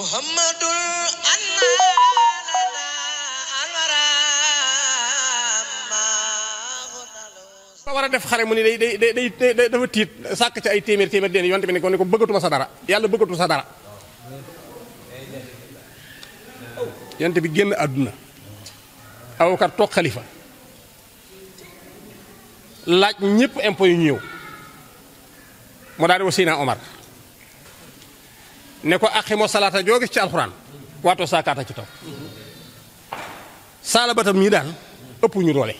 muhammadul war def xare mu ni day day dafa tiit sàkk ci ay téeméer téeméer den yonte bi ne ko bëggatuma sa dara yàlla bëggatu sa dara yonte bi génn àdduna Abubakar toog xalifa laaj ñëpp impôt yu ñëw mu daal di wa Seydina Omar ne ko aqimo salaata joo gis ci alxuraan waatoo saakaata ci taw saala batam ñii daal ëpp ñu doole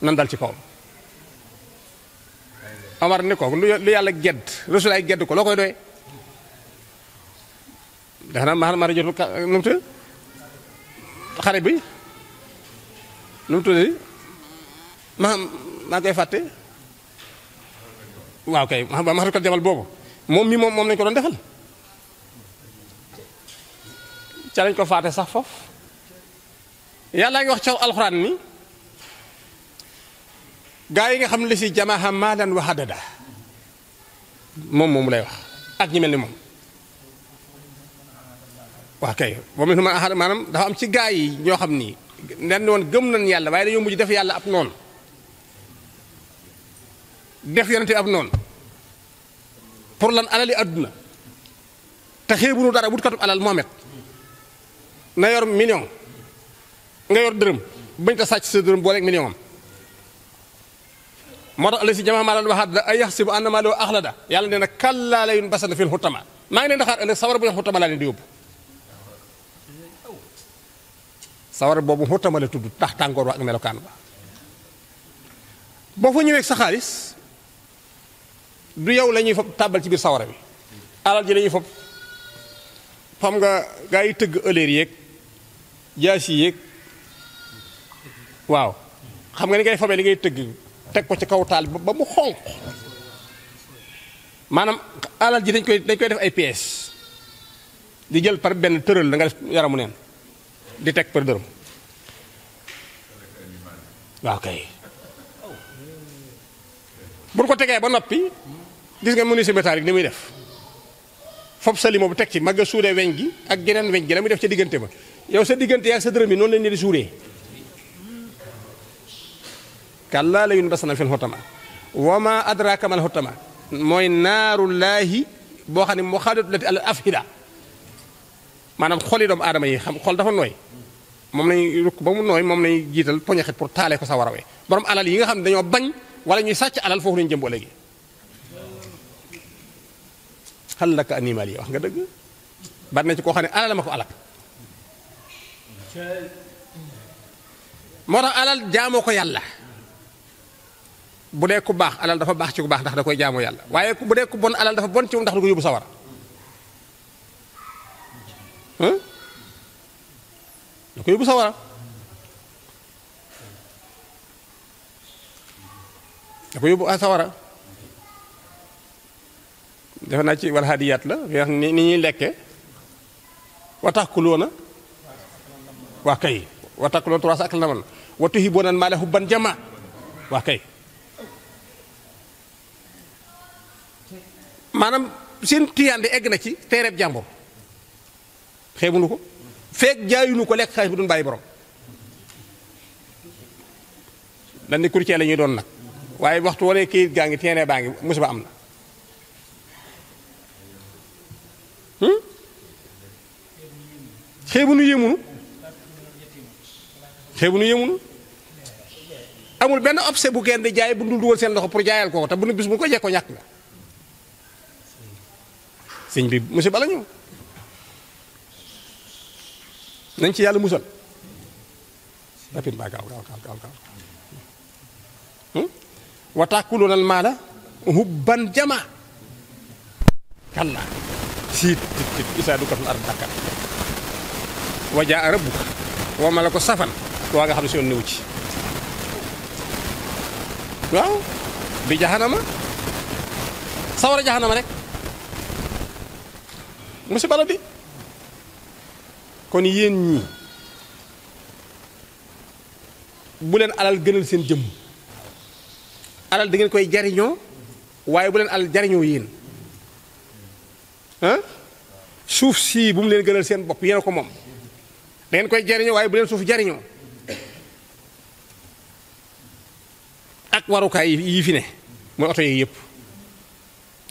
nan dal ci kawam Amar ni ko lu yàlla gedd rasulaay gedd ko loo koy doy dex na maa koy fàtte waaw kay ma xam ko jamal boobu moom mii moom moom lañ ko doon defal ca lañ ko faate sax foofu yàlla ngi wax ca alxuraan mi gaa yi nga xam ne si jamaaha maalan wa hadada moom moomu lay wax ak ñi mel ni moom waa kay moom it ma maanaam dafa am ci gaa yi ñoo xam ni nen woon gëm nañ yàlla waaye dañoo mujj def yàlla ab noonu def yonente ab noonu pour lan alali àdduna te xeebunu dara wutkatu alal moomet na yor million nga yor dërëm bañ ta sàcc sa dërëm boo leeg million am moo si jamaa maa doon waxaat da ay yaxsibu annamaa lahu yàlla nee na la yun fil xutama maa ngi leen xaar ëllëg sawar bu ñu xutama laa di yóbbu sawar boobu xutama la tudd tax tàngoor wa ak melokan ba boo fa ñëwee sa xaalis du yow lañuy fop tabal ci bir sawara bi alal ji lañuy fop fam nga gaay teug tëgg yek jasi yek yeeg waaw xam nga ni ngay fobee li ngay teug tek ko ci kaw tal ba mu xonk manam alal ji dañ koy dañ koy def ay pièces di jël par ben tëral da nga yaramu nen di tek par deureum waaw kay bu ko tege ba noppi dis nga municipal yi ni muy def fob sali bu teg ci mag a suuree weñ gi ak geneen weñ gi la muy def ca diggante ba yow sa diggante ak sa dërëm yi noonu lañ leen suuree kallaa la yun basana fil xotama wa ma adraka mal mooy naaru laahi boo xam ne mu xaadatu lati al afida maanaam xoli doomu aadama yi xam xol dafa nooy moom lañuy rukk ba mu nooy moom lañuy jiital ko sa warawee alal yi nga xam ne dañoo bañ wala ñuy sàcc alal foofu lañu jëm ba léegi xal laka animal yi wax nga dëgg bari na ci koo xam ne alal ma ko alal moo tax alal jaamoo ko yàlla bu dee ku baax alal dafa baax ci ku baax ndax da koy jaamoo yàlla waaye bu dee ku bon alal dafa bon ci moom ndax da ko yóbbu sawara da ko yóbbu sawara defe naa ci wal hadiyaat la wax ni ni ñuy lekke wa na waa kay wa taakuluuna turaasa aklan laman wa tuhibbuuna al maala hubban jamaa waa kay maanaam seen tiyaande egg na ci teereeb jàmbur xeebunu ko feek jaayunu ko lekk xaalis bi duñ bàyyi borom dañ ni courtier la ñuy doon nag waaye waxtu wane kayit gaa ngi tiyaande baa ngi musiba am na xébunu yémunu xébunu yémunu amul benn obsé bu kenn di jaay bu dul dugal seen loxo pour jaayal ko te bu nu bis bu ko jekkoo ñàkk nga sëñ bi monsieur bala ñëw nañ ci yàlla musal rapidement gaaw gaaw gaaw gaaw gaaw hmm? wa taakuluna al mala hubban jama kalla si tit tit isa du ko ar dakar wa arab wa malaku safan wa nga xamni ci yoon ci waaw bi jahannama sawara jahannama rek musiba la kon yeen ñi bu len alal gënal seen jëm alal da ngeen koy jariño waye bu len alal jariño yeen hein souf si bu mu len gënal seen bop yeen ko mom da ngeen koy jariñoo waaye bu leen suuf jariñoo ak warukaay yi fi ne mooy oto yi yëpp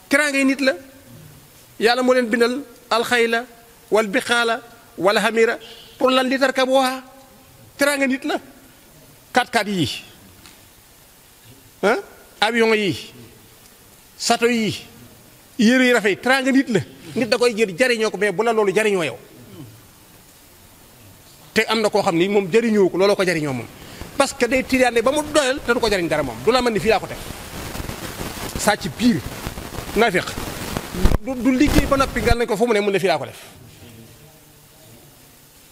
teraangay nit la yàlla moo leen bindal alxayla wal bixaala wala hamira pour lan li tarkabuha teraanga nit la 4x4 yii ah avion yi sato yi yére yi rafet teraanga nit la nit da koy jël jariñoo ko mais bu la loolu jariñoo yow té amna ko xamni mom ni ko lolo ko jëriñoo mom parce que day tiidaande ba mu doyal te ko jëriñ dara mom du la ni fi la ko sa ci biir nafiq du liggé ba nopi gal nañ ko né mu ne mun la ko def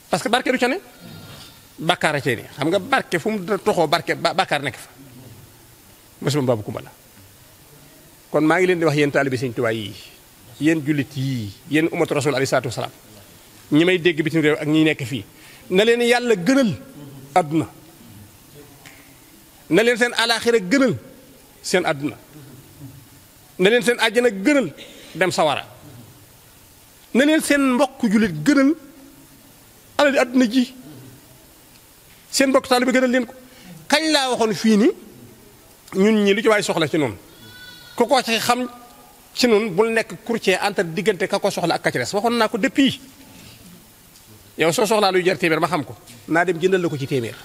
parce que barké du ca ne bàkkaar a ni xam nga barké fumu mu toxoo fa kon ma ngi leen di wax yeen taalibi seigne touba yi yeen julit yi yeen umatu rasul alayhi salaatu ñi may dégg bitim rew ak ñi nek fi na leen yàlla gënal àdduna na leen seen alaaxira gënal seen àdduna na leen seen àjjana gënal dem sawara na leen seen mbokk jullit gënal alali àdduna ji seen mbokk bi gënal leen ko kañ laa waxoon fii ni ñun ñii lu ci waay soxla ci noonu ku ko ci xam ci noonu bul nekk courtier entre diggante ka ko soxla ak ka waxoon naa ko depuis yow so soxla lu jar témèr ma xam ko naa dem jëndal la ko ci témèr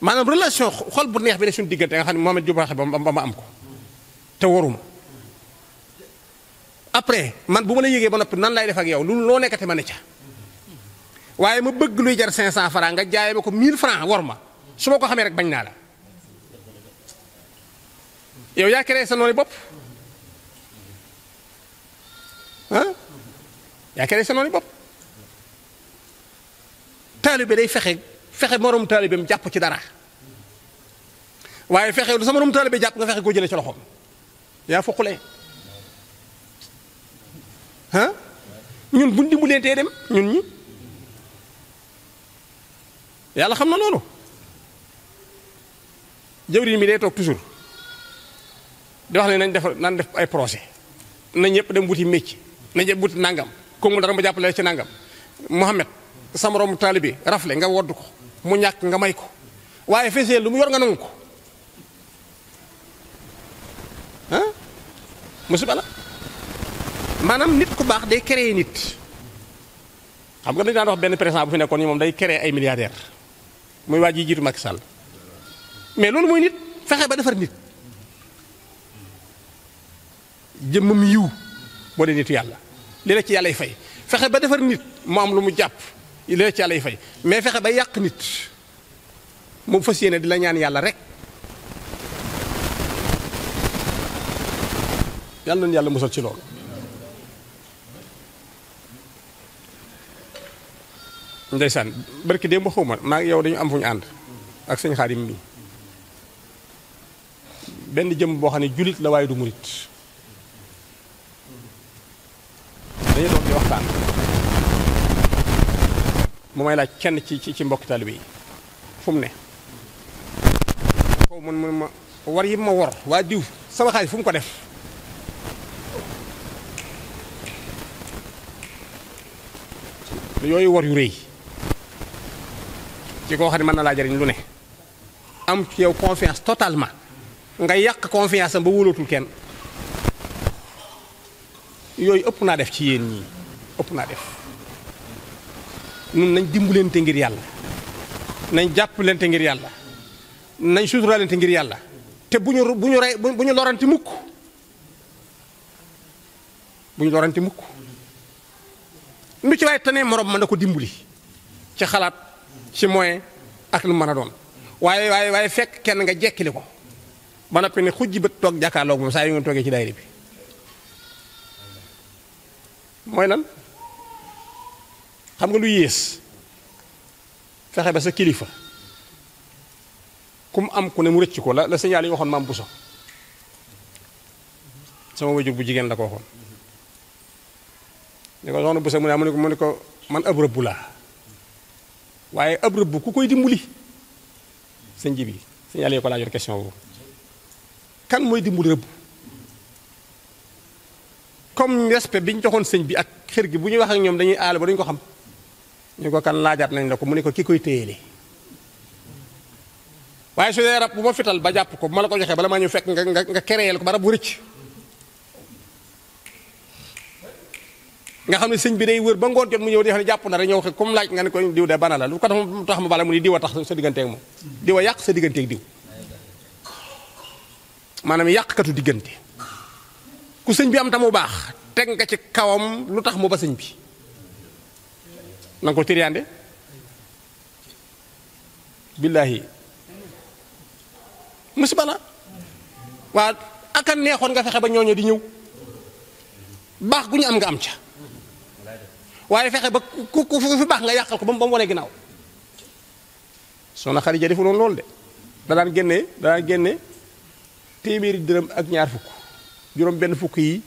maanaam relation xol bu neex bi ne suñu diggante nga xam ne Mohamed Diop waxe ba ma am ko te waruma après man bu ma la yëgee ba noppi nan lay def ak yow loolu loo nekkate ma ne ca waaye ma bëgg luy jar 500 francs nga jaay ma ko 1000 francs war ma su ma ko xamee rek bañ naa la yow yaa créé sa noonu bopp ah yaakaar sa noonu bopp taalibe day fexe fexe moroom taalibeem jàpp ci dara waaye fexe lu sa moroom taalibe jàpp nga fexe koo jëlee ci loxoom yaa foqule ah ñun buñ dimbalantee dem ñun ñi yàlla xam na loolu jawriñ mi day toog toujours di wax ne nañ def naan def ay projet na ñëpp dem wuti mécc na ñëpp wuti nangam ku mu dara mu jàppale ci nangam Mohamed sa moromu taalibe rafle nga wodd ko mu ñàkk nga may ko waaye fesee lu mu yor nga nangu ko ah musiba la maanaam nit ku baax day créer nit xam nga dañu daan wax benn président bu fi nekkoon ñi moom day créer ay milliardaire muy waa ji jiitu Macky sàll mais loolu mooy nit fexe ba defar nit jëmmam yiw boo dee nitu yàlla li la ci yàllay fay fexe ba defar nit mu am lu mu jàpp li la ci yàllay fay mais fexe ba yàq nit mu fas yéene di la ñaan yàlla rek yàlla nañu yàlla musal ci loolu ndeysaan barki démb xaw ma maa ngi yow dañu am fu ñu ànd ak sëñ Xaadim mi benn jëm boo xam ne jullit la waaye du murit dañu toog di waxtaan mu may laaj kenn ci ci mbokki taalibe yi fu mu ne foofu man mun war yi ma war waa diw sama xaalis fu ko def yooyu war yu rëy ci koo xam ne mën na laa jariñ lu ne am ci yow confiance totalement nga yàq confiance ba wóolootul kenn yooyu ëpp naa def ci yéen ñii ëpp naa def ñun nañ dimbalante ngir yàlla nañ jàppalante ngir yàlla nañ suturalante ngir yàlla te bu ñu bu ñu rey bu ñu lorante mukk bu ñu lorante mukk lu ci waaye tane morom mën na ko dimbali ci xalaat ci moyen ak lu mën a doon waaye waaye waaye fekk kenn nga jekkili ko ba noppi ne xujji bët toog jàkkaarloo moom saa yu ngeen toogee ci daayira bi mooy nan xam nga lu yées fexe ba sa kilifa ku am ku ne mu rëcc ko la la signal yi waxoon maam Bousso sama wajur bu jigéen la ko waxoon ne ko soxna Bousso mu ne mu ne ko man ab rëbbu laa waaye ab rëbbu ku koy dimbali sëñ ji bi signal yi ko laa yor question boobu kan mooy dimbali rëbbu comme respect bi ñu joxoon sëñ bi ak xër gi bu ñu wax ak ñoom dañuy aal ba duñu ko xam ñu ko kan laajaat nañ la ko mu ne ko ki koy téyelee waaye su dee rab bu ma fital ba jàpp ko bu ma la ko joxee bala maa ñu fekk nga nga nga kereyeel ko ba rab bu rëcc nga xam ne sëñ bi day wër ba ngoon jot mu ñëw di xam ne jàpp na rek ñëw xe comme laaj nga ne ko diw de bana la lu ko tax ma bala mu ni diw a tax sa digganteeg moom diw a yàq sa digganteeg diw maanaam yàqkatu diggante ku sëñ bi am tamu baax teg nga ci kawam lu tax mu ba sëñ bi na ko tiriyaande billaahi musiba la waa aka neexoon nga fexe ba ñooñu di ñëw baax gu ñu am nga am ca waaye fexe ba ku ku fi baax nga yàqal ko ba mu ba mu wane ginnaaw soxna Xadija defu noonu lool de da daan génne da daan génne téeméeri dërëm ak ñaar fukk juróom benn fukk yi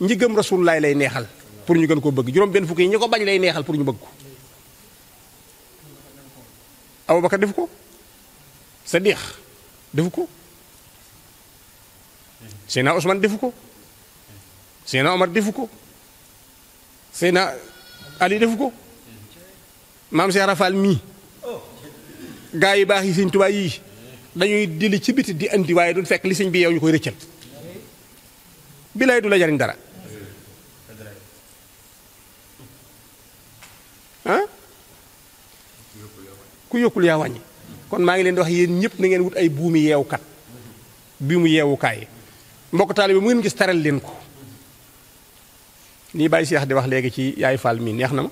ñi gëm rasulullaay lay neexal pour ñu gën koo bëgg juróom benn fukk yi ñi ko bañ lay neexal pour ñu bëgg ko Abubakar def ko Sadiq defu ko Seydina Ousmane defu ko Seydina Omar defu ko Seydina Ali defu ko maam a Rafal mii gaa yi baax yi sëñ Tuubaa yii dañuy dili ci biti di andi waaye duñ fekk li sëñ bi yow ñu koy rëccal bilaay du la jariñ dara ah ku yokkul yaa wàññi kon maa ngi leen di wax yéen ñëpp na ngeen wut ay buumi yeewukat buumu yeewukaay mbokk taalibe mu ngeen gis taral leen ko ni bàyyi seex di wax léegi ci yaay faal mii neex na ma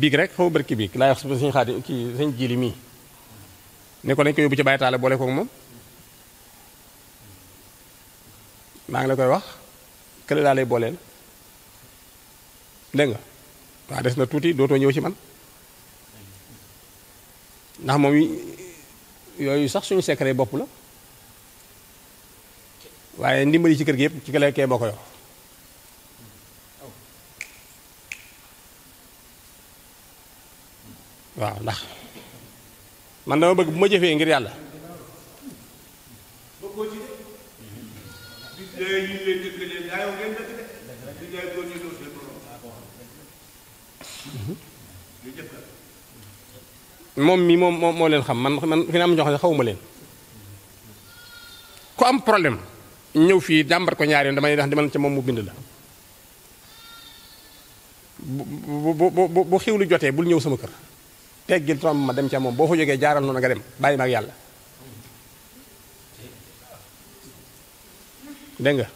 biig rek xaw barki biig laay wax suñu xaati mii ne ko nañ ko yóbbu ci bàyyi taale boole koog moom maa ngi la koy wax kële laa lay booleel dégg waa des na tuuti dootoo ñëw ci man ndax moom yooyu sax suñu secret bopp la waaye ndimbali ci kër gi yëpp ci kële kee moo ko waaw ndax man dama bëgg bu ma jëfee ngir yàlla yooyu ñu moom mi moom moo leen xam man man fi na am ñoo xam ne leen. ku am problème ñëw fii jàmbar ko ñaari yoon damay ndax demal ca moom mu bind la. bu bu bu bu xiw lu jotee bul ñëw sama kër. teggil tomb ma dem ca moom boo fa jógee jaaral noonu nga dem bàyyi ma ak yàlla. dégg nga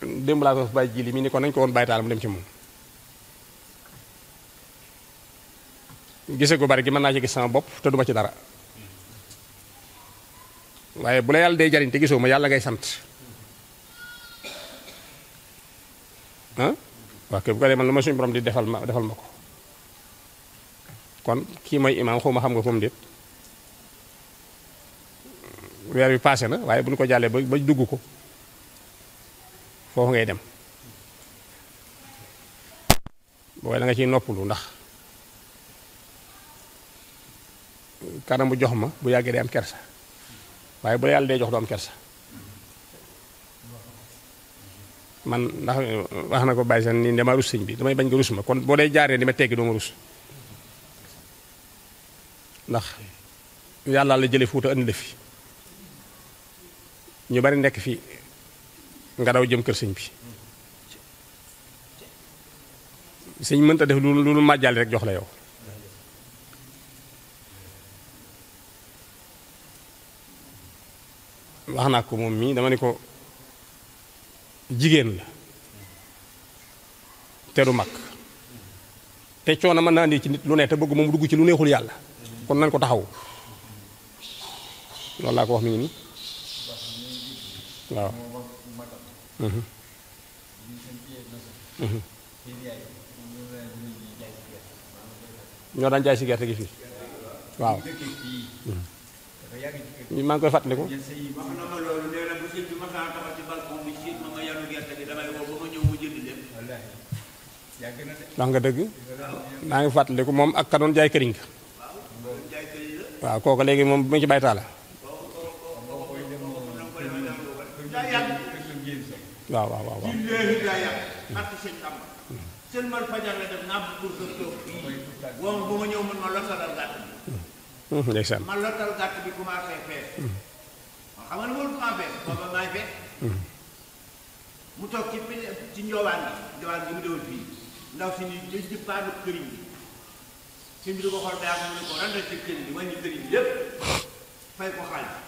démb laa doon bàyyi ji li mi ni ko nañ ko woon bàyyi taal mu dem ci moom gise gu bari gi mën naa ci gis sama bopp te duma ci dara waaye bu la yàlla day jariñ te gisoo ma yàlla ngay sant ah waaw bu ko dee man lu ma suñu borom di defal ma defal ma ko kon kii mooy imaam xaw ma xam nga ko mu déet weer wi paase na waaye bu ñu ko jàllee ba ba dugg ko foofu ngay dem booy da nga ciy noppalu ndax kanamu jox ma bu yàggee day am kersa waaye bu la yàlla dee jox du am kersa man ndax eh, wax na ko bàyyi sax nii dama sëñ bi damay bañ nga rus ma kon boo dee jaaree ni ma teggi doo ma rus ndax yàlla la jële fuuta andi la fi ñu bari nekk fii nga daw jëm kër sëñ bi sëñ mënta def lu lu màjjali rek jox la yow wax naa ko moom mii dama ne ko jigéen la te du mag te coono mën naa andi ci nit lu nekk te bëgg moom dugg ci lu neexul yàlla kon nañ ko taxaw loolu laa ko wax mi ngi nii waaw mhm. Mhm. ñoo daan jaay si gerte gi fii waaw mhm. maa ngi koy fàttaliku wax nga dëgg maa ngi fàttaliku moom ak ka doon jaay këriñ ka waaw kooku léegi moom bu ma ci baytaala waaw waaw waaw. di léegi daa bu ma ñëw mën ma lottalal gàtt bi. Hmm, hmm, ma lottal gàtt bi commencé fees. ma hmm. xamal woon comment fees booba maay fees. mu toog ci pili ci njoowaan bi njoowaan bi mu dewul fii ndaw si ni dañ ci paanu këriñ bi sëñ bi du ko xool daa mu ne ko rendal ci këriñ bi wàññi këriñ bi lépp fay ko xaalis.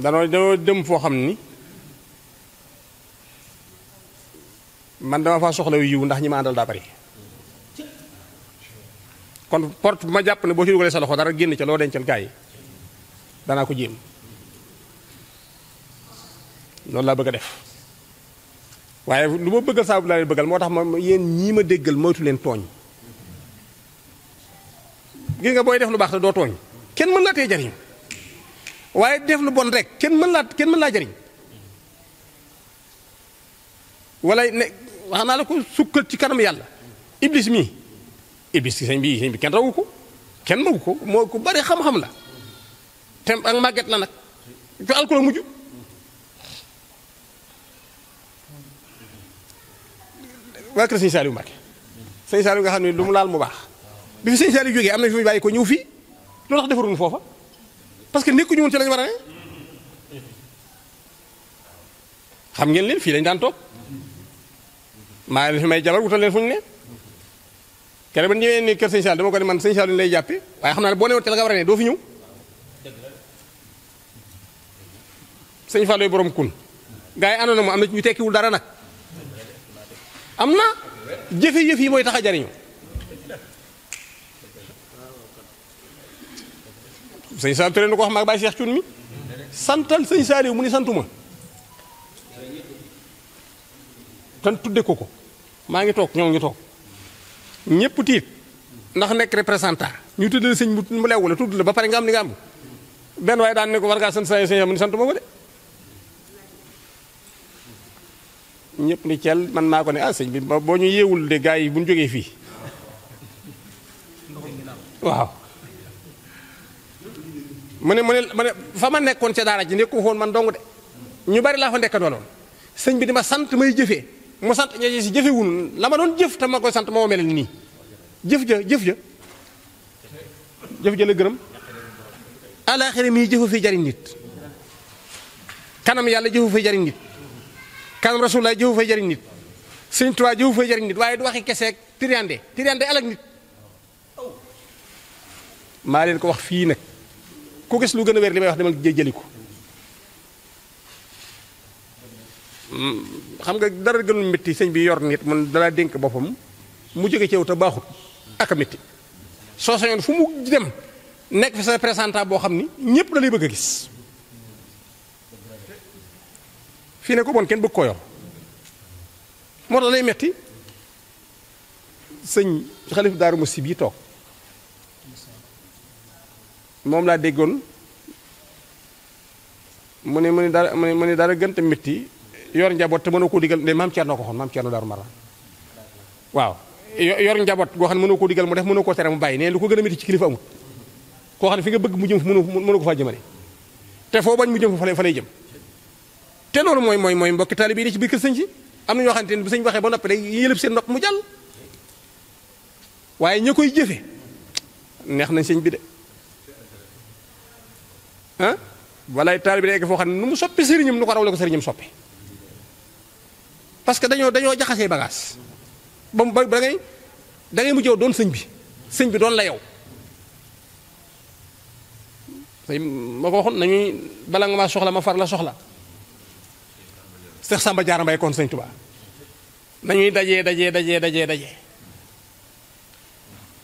danoo danoo dem foo xam ni man dama faa soxla yiw ndax ñi ma àndal daa bari kon port bu ma jàpp ne boo ci dugalee sa loxo dara génn ca loo dencal gaa yi danaa ko jéem loolu laa bëgg a def waaye lu ma bëggal saabu laa leen bëggal moo tax ma yéen ñii ma déggal moytu leen tooñ gis nga booy def lu baax te doo tooñ kenn mën laa tee jariñ waaye def lu bon rek kenn mën laa kenn laa jariñ wala ne wax naa la ko sukkal ci kanam yàlla iblis mii iblis sëñ bi sëñ bi kenn rawu ko kenn magu ko moo ku bari xam-xam la te ak màgget la nag ci alkool mujj waa kër sëñ Saliou Mbacke sëñ Saliou nga xam ne lu mu laal mu baax bi fi sëñ Saliou jógee am na fi bàyyi ko ñëw fii loolu tax defaruñu foofa parce que nekkuñu woon ci lañ war xam ngeen leen fii lañ daan toog maa may jabar wutal leen fu ñu ne keroog ba ñëwee ni kër sëñ Sall dama ko ne man sëñ Sall lay jàppe waaye xam naa ne boo newoon ci la a ne doo fi ñëw sëñ Fallou borom kun gars yi na mu am na ñu tekkiwul dara nag am na jëfe-jëf yi mooy tax a jariñu sëñ Saliou Touré na ko wax maag Baye Cheikh Thioune mi santal sëñ Saliou mu ni santuma tan tudde ko ko maa ngi toog ñoo ngi toog ñëpp tiit ndax nekk représentant ñu tudd la sëñ mu lew la tudd la ba pare nga am li nga am benn waaye daan ne ko war ngaa sant sa sëñ mu ni santuma ko de ñëpp ni cel man maa ko ne ah sëñ bi boo ñu yeewul de gars yi bu ñu jógee fii waaw mu ne mu ne mu ne fa ma nekkoon ca daara ji nekkuma woon man dong de ñu bari laa fa ndekkandoloon sëñ bi di ma sant may jëfee mu sant ñee si la ma doon jëf te ma koy sant moo mel nii jëf ja jëf jë jëf ja la gërëm alaaxira mii jëfu fi jariñ nit kanam yàlla jëfu fay jariñ nit kanam rasulullah jëfu fay jariñ nit sëñ Tuubaa jëfu fay jariñ nit waaye du waxi keseek tiriande tiriande alak nit maa leen ko wax fii nag ku gis lu gën a wér li may wax demal jëli ko mm, xam nga dara gënul métti sëñ bi yor nit mun dalaa dénk boppam mu jóge ci yow te baaxut ak a soo sañoon fu mu dem nekk fi sa représentant boo xam ni ñëpp da lay bëgg a gis fii ne ko bon kenn bëgg koo yor moo tax lay metti sëñ xalif daaru Muxti bi toog moom laa déggoon mu ne mu ne dara mu ni mu ne dara gën te métti yor njaboot te mënoo koo digal nde maam Thierno ko xoon maam Thierno Darou Marnane waaw yor njaboot goo xam ne mënoo ko digal mu def mënoo ko tere mu bàyyi nee lu ko gën a métti ci fi nga bëgg mu jëm mënu mënu ko faa jëmale te foo bañ mu jëm fa fa lay jëm te loolu mooy mooy mooy mbokki taalibe yi ci biir kër sëñ si am na ñoo xamante ne bu sëñ waxee ba noppi day yëlëb seen nopp mu jàll waaye ña koy jëfe neex nañ sëñ bi de ah walay talib rek fo xamne numu soppi serignum nuko rawle ko serignum soppi parce que dañoo dañoo jaxase bagage bam ba da ngay da ngay mujjee doon sëñ bi sëñ bi don la yow say ma ko waxoon nañuy bala nga ma soxla ma far la soxla Cheikh Samba Diarra kon sëñ Touba nañuy dajé dajé dajé dajé dajé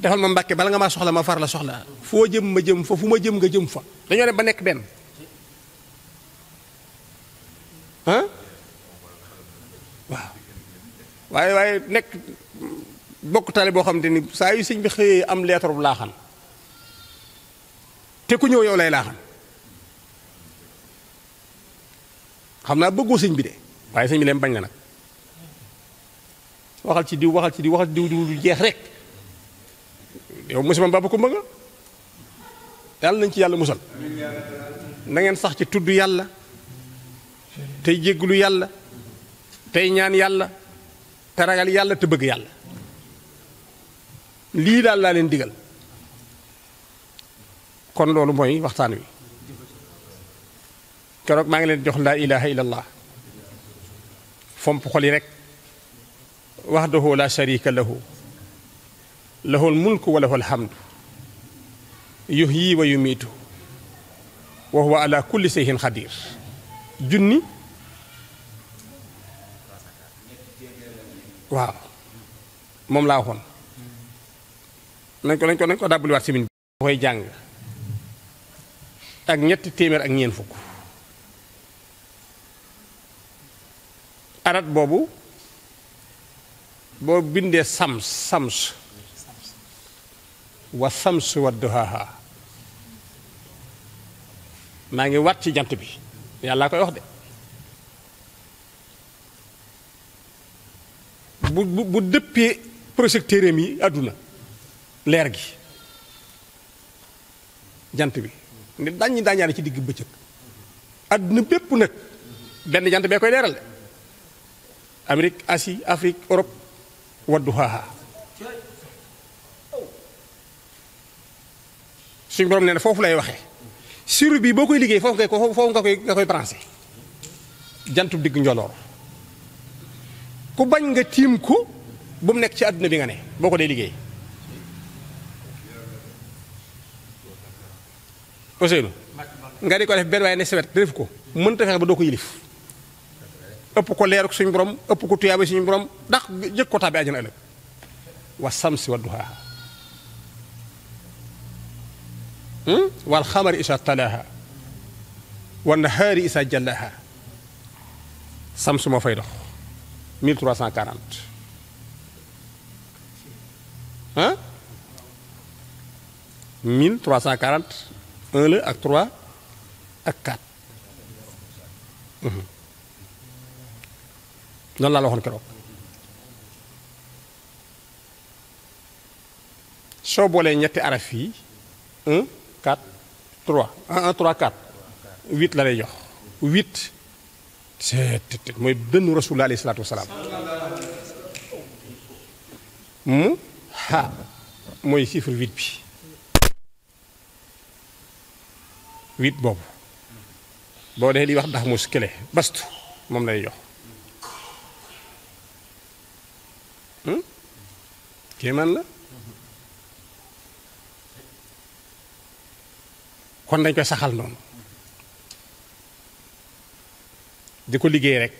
defal ma mbàkke bala nga ma soxla ma far la soxla foo jëm ma jëm fa fu ma jëm nga jëm fa dañoo dem ba nekk benn ah waaw waaye waaye nekk bokk tali boo xam te ni saa yu sëñ bi xëyee am leetar bu laaxan te ku ñëw yow lay laaxan xam naa bëggoo sëñ bi de waaye sëñ bi leen bañ la nag waxal ci diw waxal ci diw waxal ci diw diw jeex rek yow musiba baba ko nga yàlla nañ ci yàlla musal nangeen sax ci tudd yàlla tey jéggulu yàlla tey ñaan yàlla te ragal yàlla te bëgg yàlla lii daal laa leen digal kon loolu mooy waxtaan wi keroog maa ngi leen jox laa ilaha illallah fomp xol yi rek wahdahu la sharika lahu lahul mulku wa lahul hamdu yuhyi wa yumiitu wa huwa ala kulli shay'in xadir junni waaw moom laa waxoon nañ ko nañ ko nañ ko dàbbaliwaat simin bi koy jàng ak ñetti téeméer ak ñeent fukk arat boobu boo bindee sams sams wa samsu wa duhaaha maa ngi wat ci jant bi yàlla koy wax de bu bu bu dëppee projecteur yi àdduna leer gi jant bi ne daññi daañaare ci digg bëccëg àdduna bépp nag benn jant bee koy leeral de Amérique Asie Afrique Europe wadduhaaha suñ borom nee na foofu lay waxee siru bii boo koy liggéey foofu nga ko foofu nga koy nga koy branché jantub digg njoloor ku bañ nga tiim ko bu mu nekk ci àdduna bi nga ne boo ko dee liggéey Ousseynou nga di ko def benn waaye ne sewet def ko mënta fexe ba doo ko yilif ëpp ko leeruk suñu borom ëpp ko tuyaaba suñu borom ndax jëkk ko tàbbi àjjana ëllëg wa samsi wa duhaaha والخمر إذا تلاها والنهار إذا جلاها سمسم فيرخ 1340 ها 1340 1 ل 3 ak 4 لا لا لا لا لا لا لا 4 3 1 1 3 4 8 la lay jox 8 c'est mooy dënnu rasulullah alayhi salaatu wasalaam mu hmm? ha mooy chiffre 8 bi 8 boobu boo dee li wax ndax mu kele bastu moom lay yox hmm? kéemaan la kon dañ koy saxal noonu di ko liggéey rek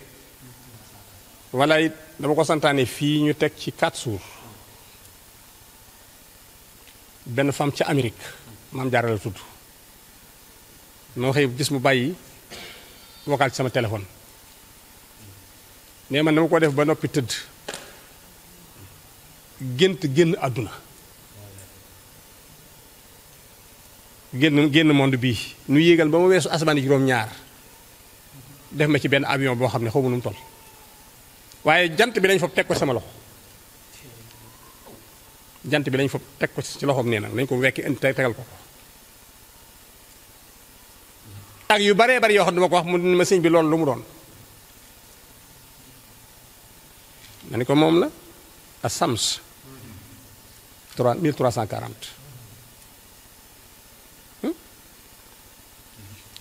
walla it dama ko santaane fii ñu teg ci quatre jours benn femme ca Amérique maam jaarale la tudd moo xëy gis mu bàyyi vocal sama téléphone nee man dama koo def ba noppi tëdd gént génn àdduna génn génn monde bi nu yéegal ba ma weesu asamaan yi juróom-ñaar def ma ci benn avion boo xam ne xaw nu mu toll waaye jant bi lañ fop teg ko sama loxo jant bi lañ fop teg ko ci loxoom nee lañ ko wekki indi tegal ko ak yu bare bare yoo xam ne ko wax mu ma sëñ bi loolu lu mu doon ma la a 3340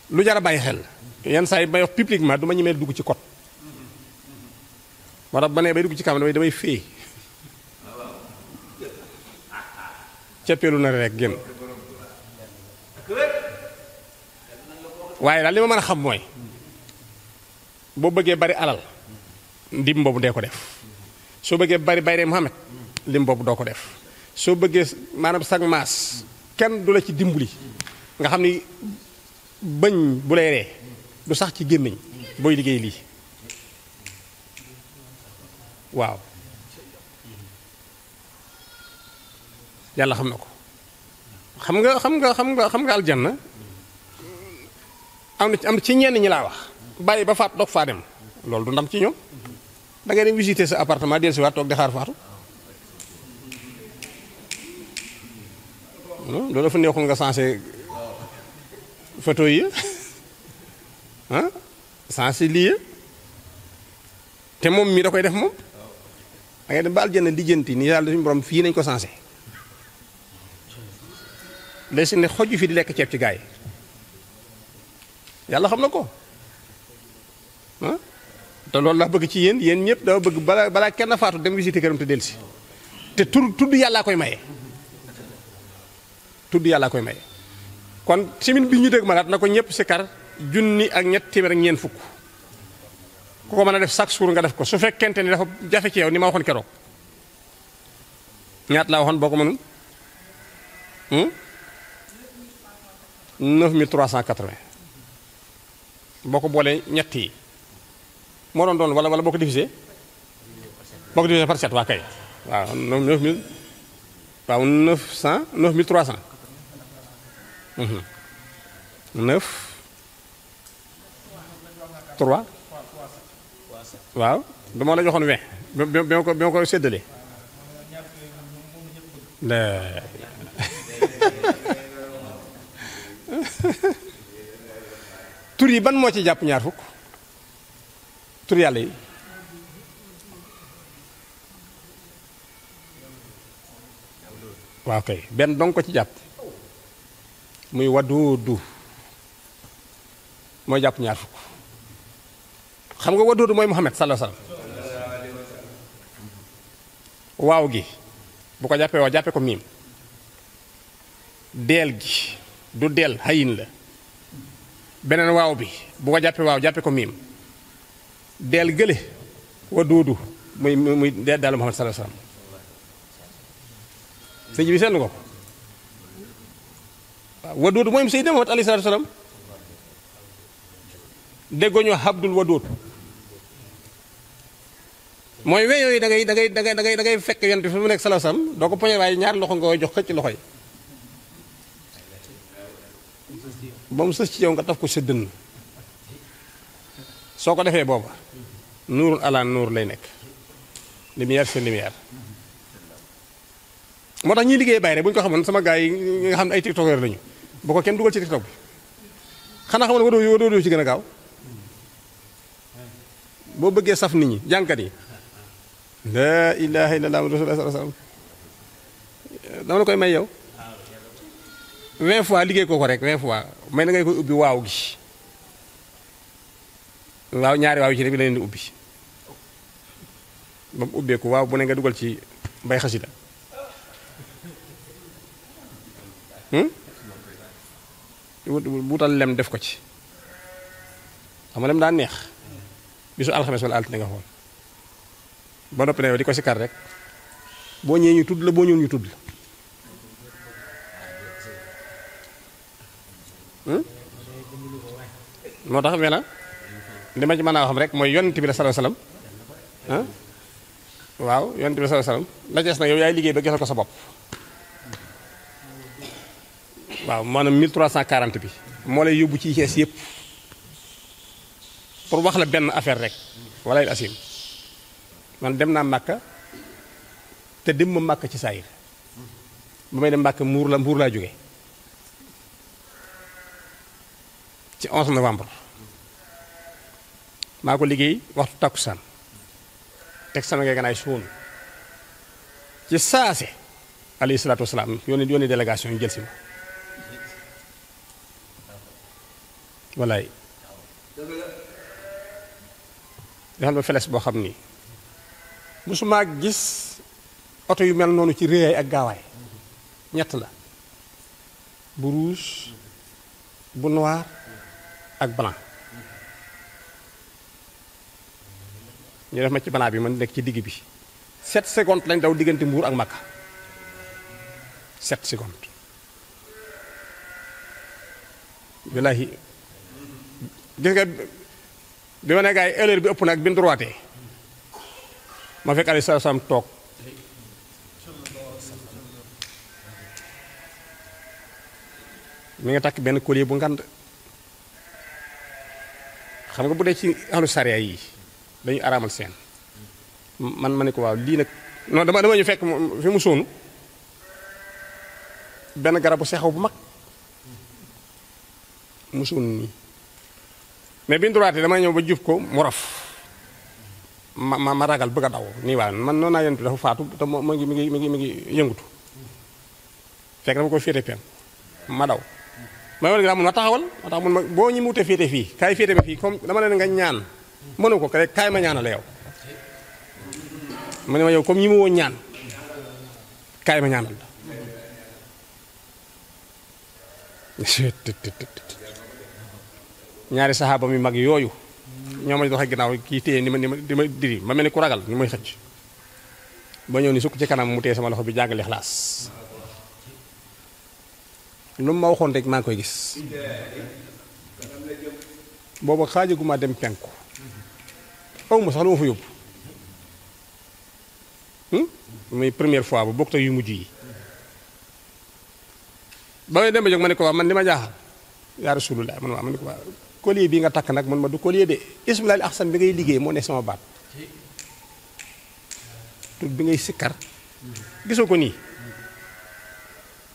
lu jar a bàyyi xel yenn saa yi may wax publiquement du ma ñemee dugg ci kot moo tax ba ne bay dugg ci caméra damay damay fee ceppeelu na rek génn waaye daal li ma mën a xam mooy boo bëggee bari alal ndim boobu dee ko def soo bëggee bari bayre Muhammad lim boobu doo ko def soo bëggee maanaam sag maas kenn du la ci dimbali nga xam ni bagn bu lay ree du sax ci gemmiñ boy liggéey li waaw yalla xam nako xam nga xam nga xam nga xam nga aljanna am na am ci ñenn ñi la wax bayyi ba faat dok fa dem loolu du ndam ci ñom da ngay dem visiter sa appartement del si waat toog di xaar faatu hmm, loolu fa neexul nga sansé photo yi ah sens yi lii te moom mii da koy def moom da ngay dem ba aljanna yi ni yàlla suñu borom fii nañ ko sensé day si ne xojju fi di lekk ceeb ci gaay yàlla xam na ko ah te loolu laa bëgg ci yéen yéen ñëpp dama bëgg balaa balaa kenn faatu dem visité këram te te tudd tudd yàllaa koy maye tudd yàllaa koy maye. kon simin bi ñu dég malaat na ko ñëpp sikar junni ak ñett téeméer ak ñeen fukk ku ko mën a def chaque jour nga def ko su fekkente ni dafa jafe ci yow ni ma waxoon keroog ñaat laa waxoon boo ko mënul hmm? boo ko boolee ñett yi moo doon doon wala wala boo ko divisé boo ko divisé par 7 waa kay waaw 9000 waaw 900 9300 Mm-hmm. neuf trois waaw du ma la joxoon we bi ma ko bi ma ko séddalee tur yi ban moo ci jàpp ñaar fukk tur yàlla yi waaw kay benn dong ko ci jàpp muy waduudu mooy jàpp ñaar fukk xam nga waduudu mooy Muhammad sallallahu alayhi wa waaw gi bu ko jàppee waaw jàppee ko miim deel gi du deel hayin la beneen waaw bi bu ko jàppee waaw jàppee ko miim deel gële waduudu muy muy deel daal Muhammad sallallahu alayhi wa sallam sëñ bi seetlu ko waaw waduud mooy Seydina Muhammad alayhi salaatu salaam déggoo ñu Abdul Waduud mooy we yooyu da ngay da ngay da fekk yonent bi fi mu nekk salaam sam doo ko poñe waaye ñaar loxo nga koy jox ko ci loxo yi ba mu sës ci yow nga taf ko sa soo ko defee booba nuurul ala nuur lay nekk lumière c'est lumière moo tax ñuy liggéey bàyyi rek bu ñu ko xamoon sama gars yi nga xam ne ay tiktokeur lañu ba ko kenn dugal ci tiktok bi xana xamal wado wado ci gëna gaaw bo bëgge saf nit ñi jankati la ilaha illallah rasulullah sallallahu alaihi wasallam dama la koy may yow 20 fois liggé ko ko rek 20 fois may na ngay koy ubbi waaw gi waaw ñaari waaw ci rek lañu ubbi ba waaw bu ne nga dugal ci bay xasida hmm? wutal lem def ko ci xam nga lem daa neex bisu alxames wala altine nga xool ba noppi na yow di ko sikkar rek boo ñëwee ñu tudd la boo ñëwul ñu hmm? moo tax me na li ma ci mën xam rek mooy yonent bi la sallallahu alayhi wasallam waaw yonent bi la sallallahu alayhi wasallam la ci des nag yaay liggéey ba gisal ko sa bopp waaw maanaam quarante bi moo lay yóbbu ci ICS yëpp pour wax la benn affaire rek wala il asim man dem naa Màkka te dem ma Màkka ci saayir ba may de Màkka mbuur la mbuur laa jóge ci 11 novembre maa ko liggéey waxtu takkusaan teg sama nga ganaay suun ci saase alayhi salaatu wasalaam yooni yooni délégation yu jël ma walay defal ma feles boo xam ni musuma gis auto yu mel nonu ci reey ak gaway ñett la bu rouge bu noir ak blanc ñu def ma ci blanc bi man nek ci digg bi 7 secondes lañ daw digënté mbour ak makka 7 secondes billahi gis nga bi ma ne gaa bi ëpp nag bi ñu droité ma fekk aleyhi salaatu toog mi nga takk benn collier bu ngand xam nga bu dee ci ahlu sariya yi dañuy araamal seen man ma ne ko waaw lii nag non dama dama ñu fekk fi mu sóonu benn garabu sexaw bu mag mu nii mais bi ñu dama ñëw ba juf ko mu raf ma ma ragal bëgg daw ni waa man noonu naa yentu dafa faatu te mo ngi mi ngi mi ngi mi ngi yëngutu fekk dama ko fété pen ma daw may wal gramu na taxawal ma tax mun ma boo ñi wute féete fii kaay féete ma fii comme dama leen nga ñaan mënu ko rek ma ñaanal yow ma ma yow comme ñi mu woon ñaan kay ma ñaanal la ñaari sahaba mi mag yoyu ñoma do dox ginaaw ki kii ni ma ni ma di ma diri ma melni ku ragal ni may xëcc ba ñew ni sukk ci kanam mu téye sama loxo bi jàngale ikhlas lu ma waxon rek ma koy gis xaji guma dem penku aw ma sax lu fu yob hmm mi première fois bu bokk yu mujjii ba ngay dem ba jóg ko man li jaaxal rasulullah man ma ko collier bi nga tak nak man ma du collier de ismul al ahsan bi ngay liggéey mo ne sama baat tur bi ngay sikkar gisoo ni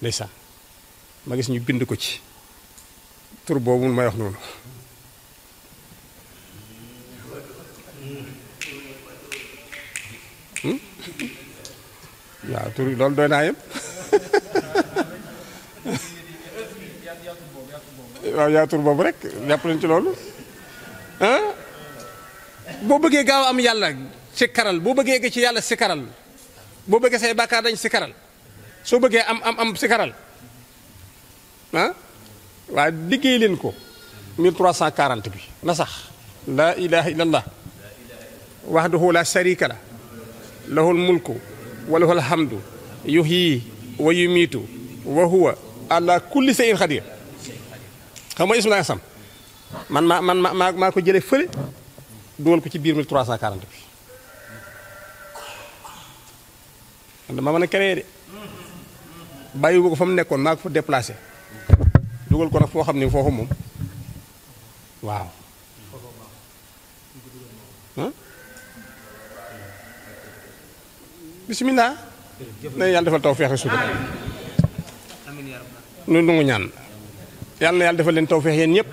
nii ma gis ñu bind ko ci tur bobu may wax non ya hmm? tur lool doyna yeb waaw yaa tur boobu rek jàpp nañ ci loolu boo bëggee gaaw am yàlla si boo bëggee egg ci yàlla si boo bëggee say bàkkaar dañ si soo bëggee am am am si karal ah waaw leen ko 1340 bi na sax laa ilaha illallah wahdahu la sharika la lahul mulku wa lahul hamdu yuhyi wa yumiitu wa huwa ala kulli shay'in qadir xam nga Ismaïla Sam man maa man maa maa ko jëlee fële dugal ko ci biir 1340 bi man dama mën a créer de bàyyiwu ko fa mu nekkoon maa ko fa déplacé dugal ko nag foo xam ne foofu moom waaw. bisimilah. na yàlla defal taw feexe suba. nu nu ngu ñaan. yàlla na yàlla defal leen tawféex yéen ñëpp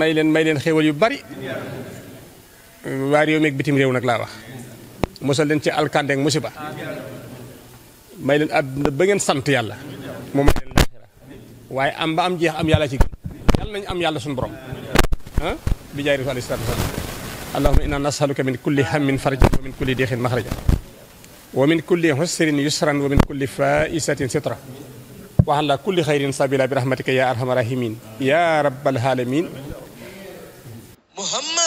may leen may leen xéewal yu bari waa réew meeg bitim réew nag laa wax mosal leen ci alkandeeg musiba may leen àdduna ba ngeen sant yàlla mu may leen laaxira waaye am ba am jeex am yàlla ci gën yàlla nañu am yàlla suñu borom ah bi jaay rasul alayhi salaatu wasalaam allahuma inna nasaluka min kulli hammin farjan wa min kulli deexin maxraja wa min kulli husrin yusran wa min kulli faisatin sitra وعلى كل خير سبيلا برحمتك يا ارحم الراحمين يا رب العالمين محمد